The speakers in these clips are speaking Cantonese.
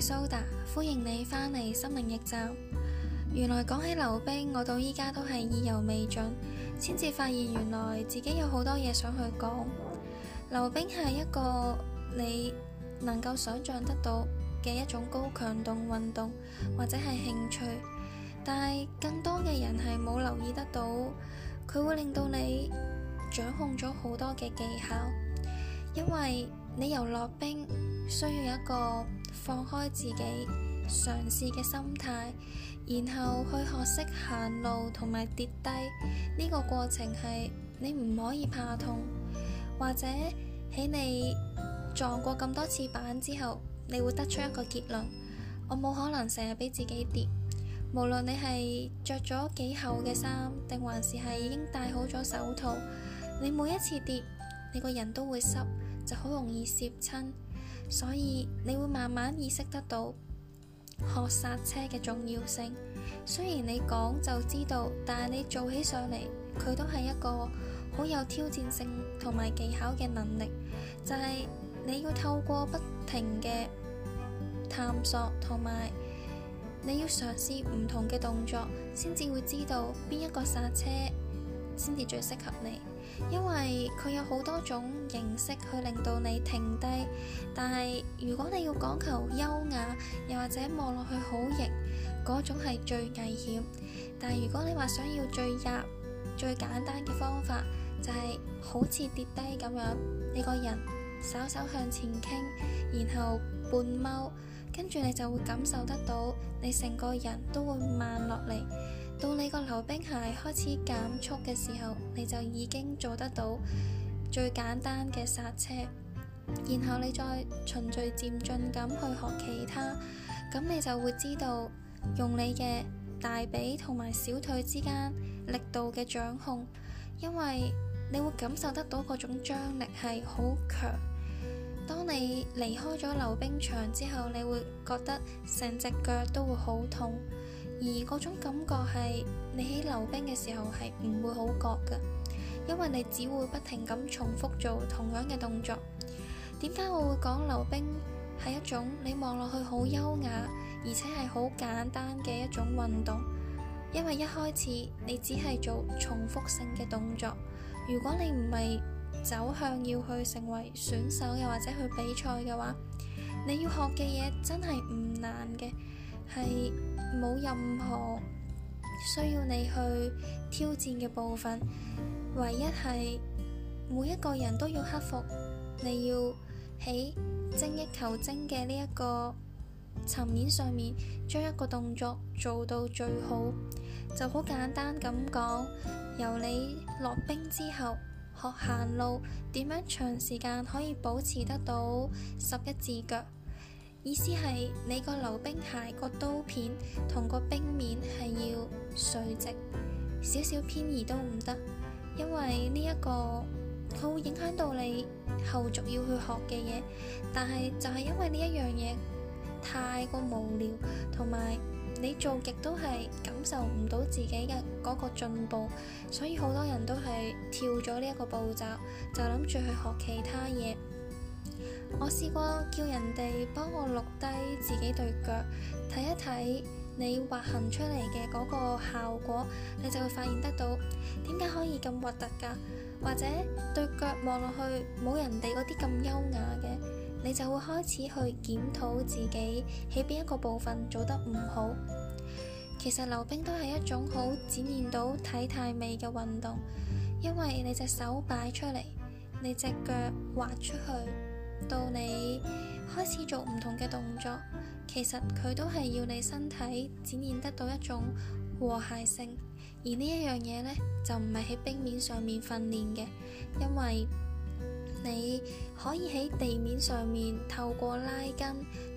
蘇達歡迎你翻嚟心靈驛站。原來講起溜冰，我到依家都係意猶未盡，先至發現原來自己有好多嘢想去講。溜冰係一個你能夠想象得到嘅一種高強度運動或者係興趣，但係更多嘅人係冇留意得到，佢會令到你掌控咗好多嘅技巧，因為你由落冰需要一個。放開自己嘗試嘅心態，然後去學識行路同埋跌低呢，這個過程係你唔可以怕痛，或者喺你撞過咁多次板之後，你會得出一個結論：我冇可能成日俾自己跌。無論你係着咗幾厚嘅衫，定還是係已經戴好咗手套，你每一次跌，你個人都會濕，就好容易涉親。所以你會慢慢意識得到學剎車嘅重要性。雖然你講就知道，但係你做起上嚟，佢都係一個好有挑戰性同埋技巧嘅能力。就係你要透過不停嘅探索，同埋你要嘗試唔同嘅動作，先至會知道邊一個剎車先至最適合你。因為佢有好多種形式去令到你停低，但係如果你要講求優雅，又或者望落去好型，嗰種係最危險。但係如果你話想要最入、最簡單嘅方法，就係好似跌低咁樣，你個人稍稍向前傾，然後半踎，跟住你就會感受得到，你成個人都會慢落嚟。到你個溜冰鞋開始減速嘅時候，你就已經做得到最簡單嘅剎車，然後你再循序漸進咁去學其他，咁你就會知道用你嘅大髀同埋小腿之間力度嘅掌控，因為你會感受得到嗰種張力係好強。當你離開咗溜冰場之後，你會覺得成隻腳都會好痛。而嗰種感覺係你喺溜冰嘅時候係唔會好覺噶，因為你只會不停咁重複做同樣嘅動作。點解我會講溜冰係一種你望落去好優雅，而且係好簡單嘅一種運動？因為一開始你只係做重複性嘅動作。如果你唔係走向要去成為選手，又或者去比賽嘅話，你要學嘅嘢真係唔難嘅。係冇任何需要你去挑戰嘅部分，唯一係每一個人都要克服，你要喺精益求精嘅呢一個層面上面，將一個動作做到最好，就好簡單咁講。由你落冰之後學行路，點樣長時間可以保持得到十一字腳？意思係你個溜冰鞋個刀片同個冰面係要垂直，少少偏移都唔得，因為呢一個佢會影響到你後續要去學嘅嘢。但係就係因為呢一樣嘢太過無聊，同埋你做極都係感受唔到自己嘅嗰個進步，所以好多人都係跳咗呢一個步驟，就諗住去學其他嘢。我試過叫人哋幫我錄低自己對腳睇一睇，你滑行出嚟嘅嗰個效果，你就會發現得到點解可以咁核突噶，或者對腳望落去冇人哋嗰啲咁優雅嘅，你就會開始去檢討自己喺邊一個部分做得唔好。其實溜冰都係一種好展現到體態美嘅運動，因為你隻手擺出嚟，你隻腳滑出去。到你開始做唔同嘅動作，其實佢都係要你身體展現得到一種和諧性。而呢一樣嘢呢，就唔係喺冰面上面訓練嘅，因為你可以喺地面上面透過拉筋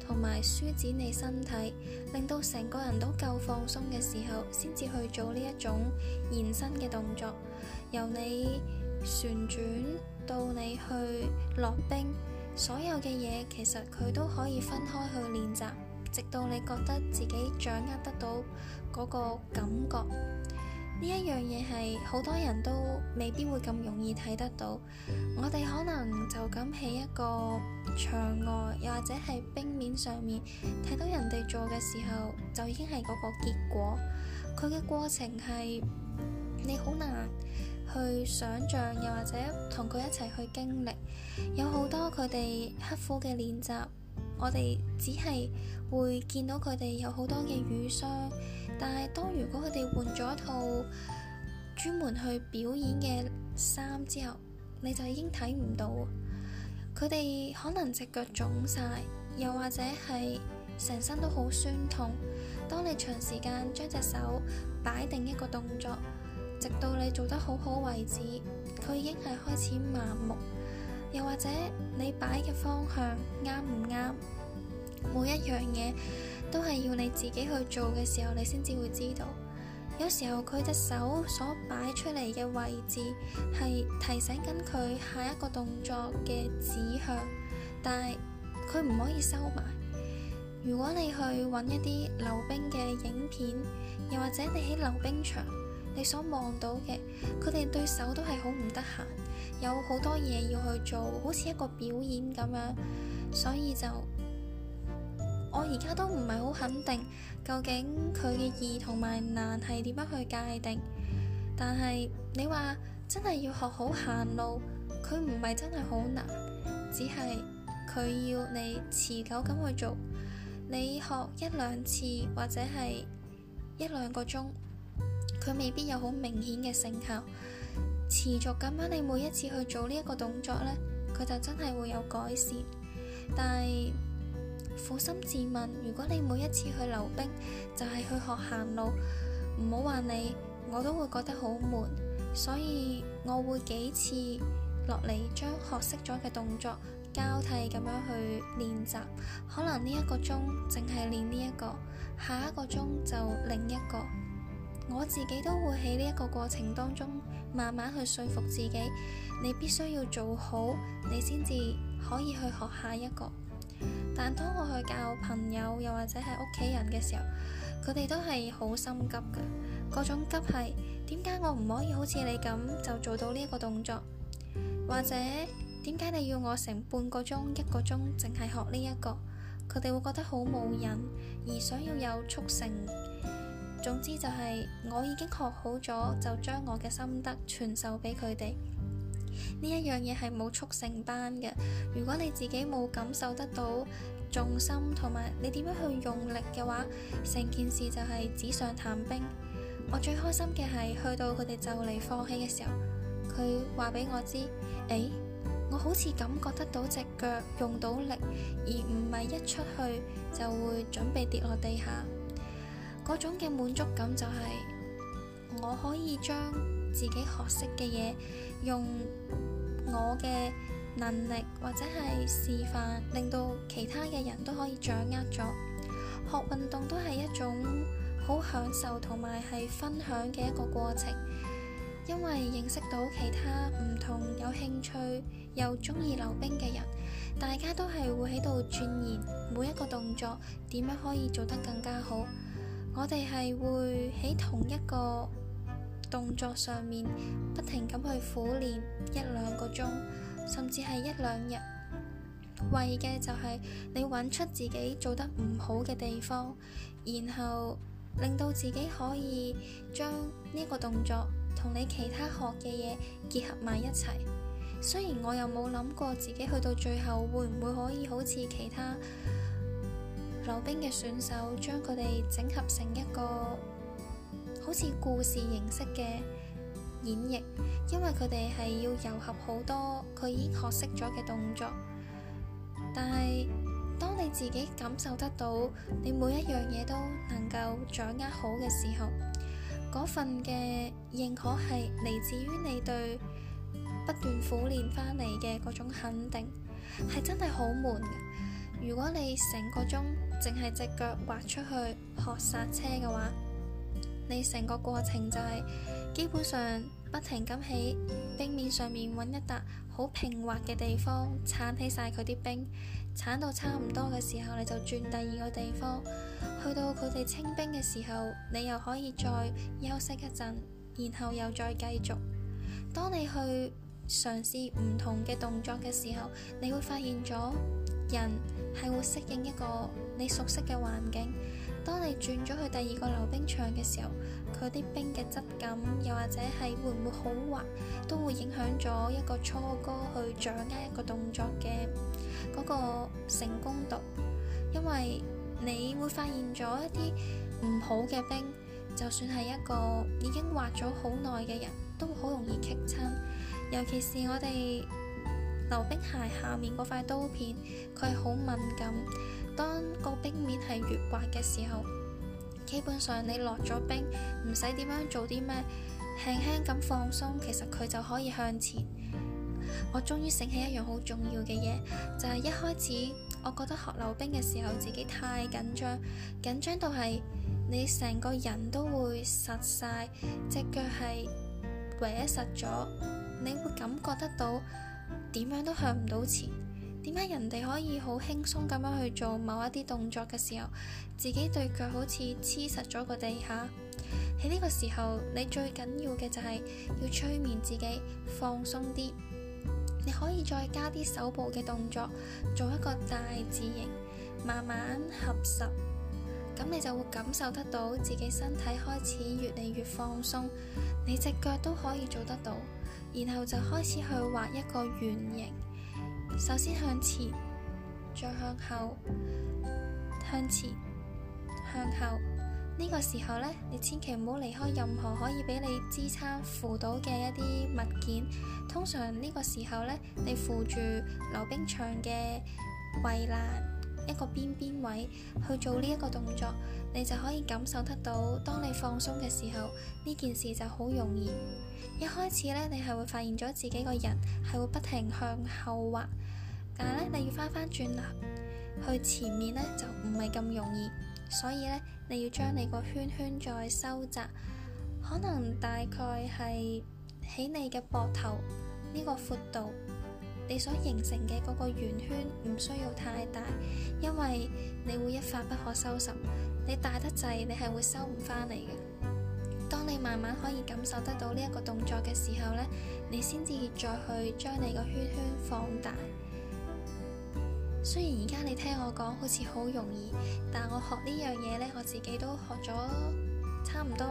同埋舒展你身體，令到成個人都夠放鬆嘅時候，先至去做呢一種延伸嘅動作。由你旋轉到你去落冰。所有嘅嘢，其實佢都可以分開去練習，直到你覺得自己掌握得到嗰個感覺。呢一樣嘢，係好多人都未必會咁容易睇得到。我哋可能就咁喺一個場外，又或者係冰面上面睇到人哋做嘅時候，就已經係嗰個結果。佢嘅過程係你好難。去想像，又或者同佢一齊去經歷，有好多佢哋刻苦嘅練習。我哋只係會見到佢哋有好多嘅瘀傷，但係當如果佢哋換咗一套專門去表演嘅衫之後，你就已經睇唔到。佢哋可能隻腳腫晒，又或者係成身都好酸痛。當你長時間將隻手擺定一個動作。直到你做得好好為止，佢已經係開始麻木。又或者你擺嘅方向啱唔啱？每一樣嘢都係要你自己去做嘅時候，你先至會知道。有時候佢隻手所擺出嚟嘅位置，係提醒緊佢下一個動作嘅指向，但係佢唔可以收埋。如果你去搵一啲溜冰嘅影片，又或者你喺溜冰場。你所望到嘅，佢哋對手都係好唔得閒，有好多嘢要去做，好似一個表演咁樣，所以就我而家都唔係好肯定究竟佢嘅易同埋難係點樣去界定。但係你話真係要學好行路，佢唔係真係好難，只係佢要你持久咁去做。你學一兩次或者係一兩個鐘。佢未必有好明顯嘅成效，持續咁樣，你每一次去做呢一個動作呢，佢就真係會有改善。但撫心自問，如果你每一次去溜冰就係、是、去學行路，唔好話你，我都會覺得好悶。所以，我會幾次落嚟將學識咗嘅動作交替咁樣去練習。可能呢一個鐘淨係練呢、這、一個，下一個鐘就另一個。我自己都會喺呢一個過程當中，慢慢去說服自己，你必須要做好，你先至可以去學下一個。但當我去教朋友又或者係屋企人嘅時候，佢哋都係好心急嘅，嗰種急係點解我唔可以好似你咁就做到呢一個動作，或者點解你要我成半個鐘一個鐘淨係學呢一個？佢哋會覺得好冇癮，而想要有速成。總之就係我已經學好咗，就將我嘅心得傳授俾佢哋。呢一樣嘢係冇速成班嘅。如果你自己冇感受得到重心同埋你點樣去用力嘅話，成件事就係紙上談兵。我最開心嘅係去到佢哋就嚟放棄嘅時候，佢話俾我知：誒、欸，我好似感覺得到隻腳用到力，而唔係一出去就會準備跌落地下。嗰種嘅滿足感就係，我可以將自己學識嘅嘢用我嘅能力或者係示範，令到其他嘅人都可以掌握咗。學運動都係一種好享受同埋係分享嘅一個過程，因為認識到其他唔同有興趣又中意溜冰嘅人，大家都係會喺度鑽研每一個動作點樣可以做得更加好。我哋係會喺同一個動作上面，不停咁去苦練一兩個鐘，甚至係一兩日，為嘅就係你揾出自己做得唔好嘅地方，然後令到自己可以將呢個動作同你其他學嘅嘢結合埋一齊。雖然我又冇諗過自己去到最後會唔會可以好似其他。溜冰嘅選手將佢哋整合成一個好似故事形式嘅演繹，因為佢哋係要糅合好多佢已經學識咗嘅動作。但係當你自己感受得到，你每一樣嘢都能夠掌握好嘅時候，嗰份嘅認可係嚟自於你對不斷苦練翻嚟嘅嗰種肯定，係真係好滿。如果你成個鐘淨係隻腳滑出去學煞車嘅話，你成個過程就係基本上不停咁喺冰面上面揾一笪好平滑嘅地方鏟起晒佢啲冰，鏟到差唔多嘅時候你就轉第二個地方，去到佢哋清冰嘅時候，你又可以再休息一陣，然後又再繼續。當你去嘗試唔同嘅動作嘅時候，你會發現咗。人係會適應一個你熟悉嘅環境。當你轉咗去第二個溜冰場嘅時候，佢啲冰嘅質感，又或者係會唔會好滑，都會影響咗一個初哥去掌握一個動作嘅嗰個成功度。因為你會發現咗一啲唔好嘅冰，就算係一個已經滑咗好耐嘅人，都好容易跣親。尤其是我哋。溜冰鞋下面嗰塊刀片，佢好敏感。當個冰面係越滑嘅時候，基本上你落咗冰，唔使點樣做啲咩，輕輕咁放鬆，其實，佢就可以向前。我終於醒起一樣好重要嘅嘢，就係一開始我覺得學溜冰嘅時候自己太緊張，緊張到係你成個人都會實晒，隻腳係唯一實咗，你會感覺得到。點樣都向唔到前，點解人哋可以好輕鬆咁樣去做某一啲動作嘅時候，自己對腳好似黐實咗個地下？喺呢個時候，你最緊要嘅就係要催眠自己，放鬆啲。你可以再加啲手部嘅動作，做一個大字形，慢慢合實。咁你就會感受得到自己身體開始越嚟越放鬆，你隻腳都可以做得到。然後就開始去畫一個圓形，首先向前，再向後，向前，向後。呢個時候呢，你千祈唔好離開任何可以俾你支撐扶到嘅一啲物件。通常呢個時候呢，你扶住溜冰場嘅圍欄。一個邊邊位去做呢一個動作，你就可以感受得到，當你放鬆嘅時候，呢件事就好容易。一開始呢，你係會發現咗自己個人係會不停向後滑，但係呢，你要翻翻轉啦，去前面呢，就唔係咁容易，所以呢，你要將你個圈圈再收窄，可能大概係喺你嘅膊頭呢個闊度。你所形成嘅嗰個圓圈唔需要太大，因為你會一發不可收拾。你大得滯，你係會收唔翻嚟嘅。當你慢慢可以感受得到呢一個動作嘅時候咧，你先至再去將你個圈圈放大。雖然而家你聽我講好似好容易，但我學呢樣嘢咧，我自己都學咗差唔多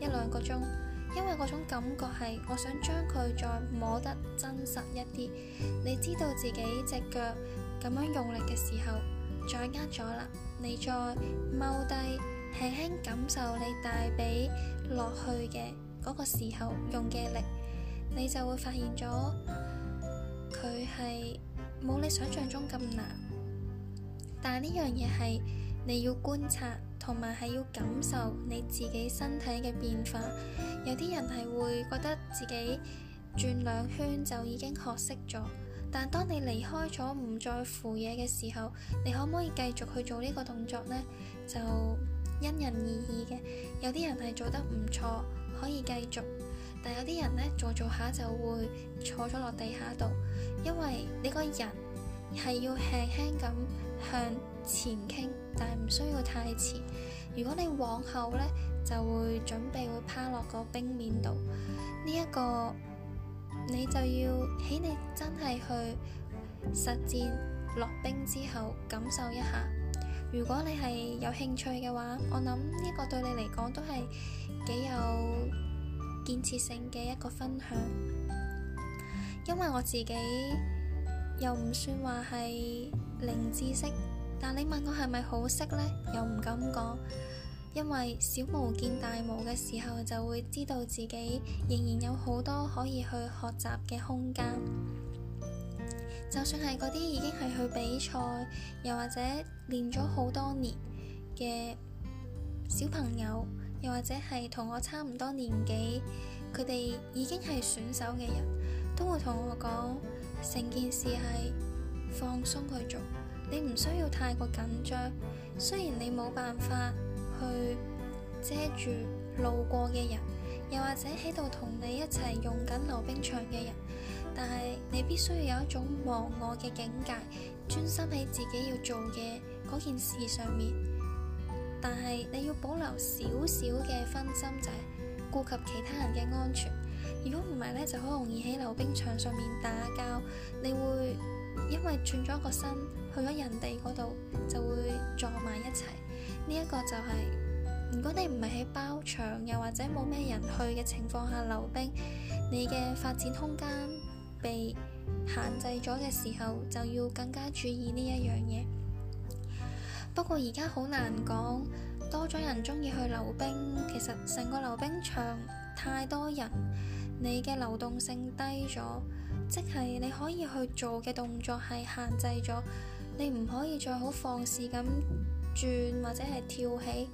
一兩個鐘。因為嗰種感覺係，我想將佢再摸得真實一啲。你知道自己隻腳咁樣用力嘅時候，掌握咗啦，你再踎低，輕輕感受你大髀落去嘅嗰個時候用嘅力，你就會發現咗，佢係冇你想像中咁難。但呢樣嘢係你要觀察。同埋係要感受你自己身體嘅變化。有啲人係會覺得自己轉兩圈就已經學識咗，但當你離開咗唔再扶嘢嘅時候，你可唔可以繼續去做呢個動作呢？就因人而異嘅。有啲人係做得唔錯，可以繼續，但有啲人呢，做做下就會坐咗落地下度，因為你個人係要輕輕咁向。前傾，但唔需要太前。如果你往後呢，就會準備會趴落個冰面度。呢一個你就要喺你真係去實踐落冰之後感受一下。如果你係有興趣嘅話，我諗呢個對你嚟講都係幾有建設性嘅一個分享，因為我自己又唔算話係零知識。但你問我係咪好識呢？又唔敢講，因為小巫見大巫嘅時候，就會知道自己仍然有好多可以去學習嘅空間。就算係嗰啲已經係去比賽，又或者練咗好多年嘅小朋友，又或者係同我差唔多年紀，佢哋已經係選手嘅人，都會同我講，成件事係放鬆去做。你唔需要太過緊張，雖然你冇辦法去遮住路過嘅人，又或者喺度同你一齊用緊溜冰場嘅人，但係你必須要有一種忘我嘅境界，專心喺自己要做嘅嗰件事上面。但係你要保留少少嘅分心，就係顧及其他人嘅安全。如果唔係呢，就好容易喺溜冰場上面打交，你會因為轉咗個身。去咗人哋嗰度就會撞埋一齊。呢一個就係如果你唔係喺包場，又或者冇咩人去嘅情況下溜冰，你嘅發展空間被限制咗嘅時候，就要更加注意呢一樣嘢。不過而家好難講，多咗人鍾意去溜冰，其實成個溜冰場太多人，你嘅流動性低咗，即係你可以去做嘅動作係限制咗。你唔可以再好放肆咁轉或者係跳起，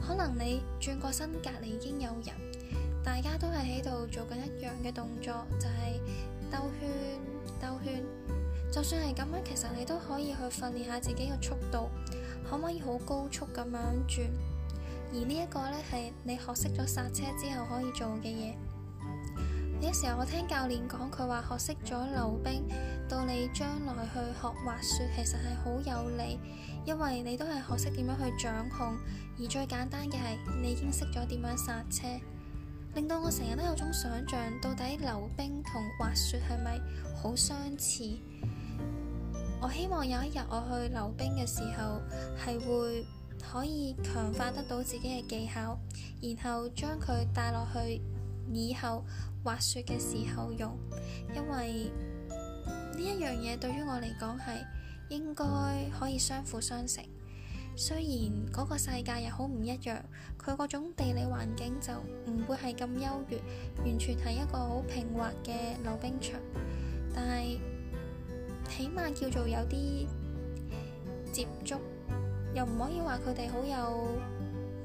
可能你轉過身，隔籬已經有人，大家都係喺度做緊一樣嘅動作，就係兜圈兜圈。就算係咁樣，其實你都可以去訓練下自己嘅速度，可唔可以好高速咁樣轉？而呢一個呢，係你學識咗剎車之後可以做嘅嘢。有時候我聽教練講，佢話學識咗溜冰到你將來去學滑雪，其實係好有利，因為你都係學識點樣去掌控。而最簡單嘅係你已經識咗點樣剎車，令到我成日都有種想像，到底溜冰同滑雪係咪好相似？我希望有一日我去溜冰嘅時候，係會可以強化得到自己嘅技巧，然後將佢帶落去，以後滑雪嘅時候用，因為呢一樣嘢對於我嚟講係應該可以相輔相成。雖然嗰個世界又好唔一樣，佢嗰種地理環境就唔會係咁優越，完全係一個好平滑嘅溜冰場，但係起碼叫做有啲接觸，又唔可以話佢哋好有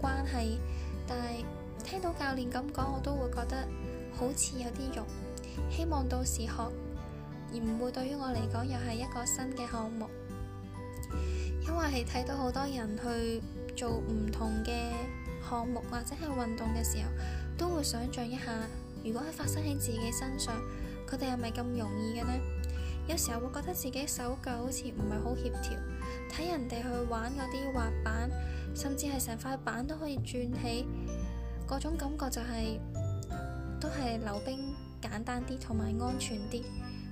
關係，但係。聽到教練咁講，我都會覺得好似有啲肉。希望到時學，而唔會對於我嚟講又係一個新嘅項目。因為係睇到好多人去做唔同嘅項目，或者係運動嘅時候，都會想象一下，如果係發生喺自己身上，佢哋係咪咁容易嘅呢？有時候會覺得自己手腳好似唔係好協調，睇人哋去玩嗰啲滑板，甚至係成塊板都可以轉起。嗰種感覺就係都係溜冰簡單啲，同埋安全啲。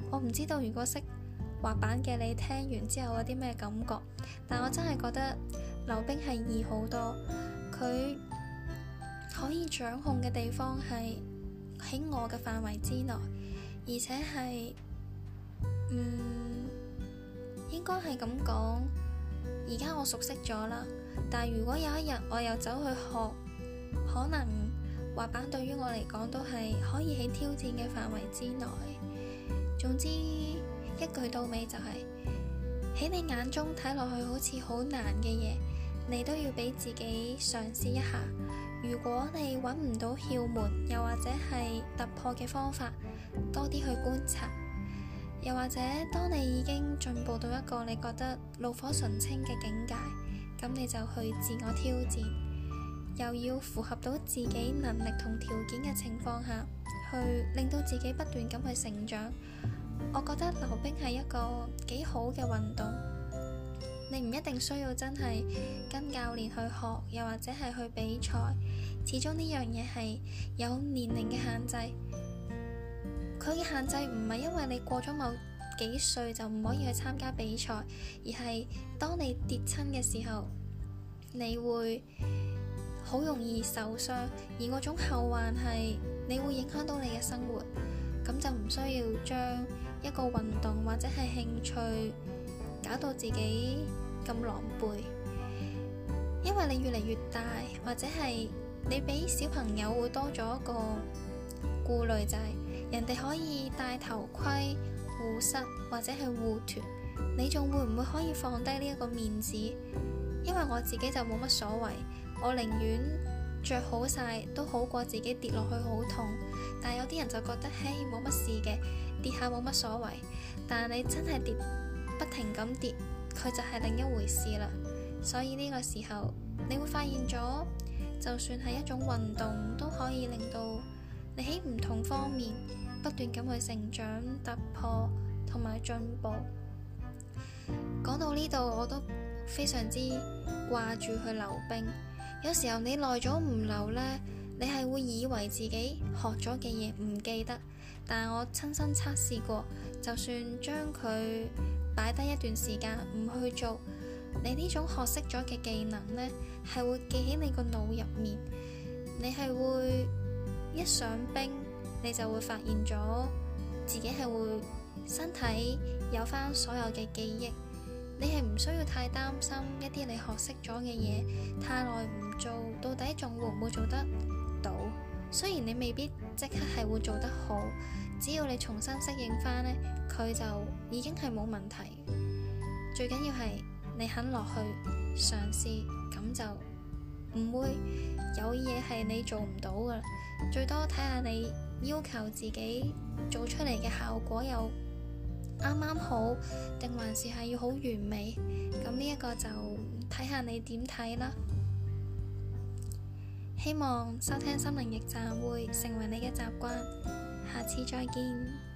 我唔知道如果識滑板嘅你聽完之後有啲咩感覺，但我真係覺得溜冰係易好多。佢可以掌控嘅地方係喺我嘅範圍之內，而且係，嗯，應該係咁講。而家我熟悉咗啦，但如果有一日我又走去學。可能滑板對於我嚟講都係可以喺挑戰嘅範圍之內。總之一句到尾就係、是、喺你眼中睇落去好似好難嘅嘢，你都要俾自己嘗試一下。如果你揾唔到竅門，又或者係突破嘅方法，多啲去觀察。又或者當你已經進步到一個你覺得爐火純青嘅境界，咁你就去自我挑戰，又要符合到自己能力同條件嘅情況下，去令到自己不斷咁去成長。我覺得溜冰係一個幾好嘅運動，你唔一定需要真係跟教練去學，又或者係去比賽。始終呢樣嘢係有年齡嘅限制，佢嘅限制唔係因為你過咗某幾歲就唔可以去參加比賽，而係當你跌親嘅時候，你會，好容易受傷，而嗰種後患係你會影響到你嘅生活，咁就唔需要將一個運動或者係興趣搞到自己咁狼狽。因為你越嚟越大，或者係你比小朋友會多咗一個顧慮，就係人哋可以戴頭盔、護膝或者係護臀，你仲會唔會可以放低呢一個面子？因為我自己就冇乜所謂。我寧願着好晒都好過自己跌落去好痛。但有啲人就覺得，嘿，冇乜事嘅跌下冇乜所謂。但你真係跌不停咁跌，佢就係另一回事啦。所以呢個時候你會發現咗，就算係一種運動，都可以令到你喺唔同方面不斷咁去成長、突破同埋進步。講到呢度，我都非常之掛住去溜冰。有時候你耐咗唔留呢，你係會以為自己學咗嘅嘢唔記得，但我親身測試過，就算將佢擺低一段時間唔去做，你呢種學識咗嘅技能呢，係會記喺你個腦入面，你係會一上冰你就會發現咗自己係會身體有返所有嘅記憶。你係唔需要太擔心一啲你學識咗嘅嘢太耐唔做，到底仲會唔會做得到？雖然你未必即刻係會做得好，只要你重新適應返呢，佢就已經係冇問題。最緊要係你肯落去嘗試，咁就唔會有嘢係你做唔到噶。最多睇下你要求自己做出嚟嘅效果有，啱啱好，定還是係要好完美，咁呢一個就睇下你點睇啦。希望收聽心靈驛站會成為你嘅習慣，下次再見。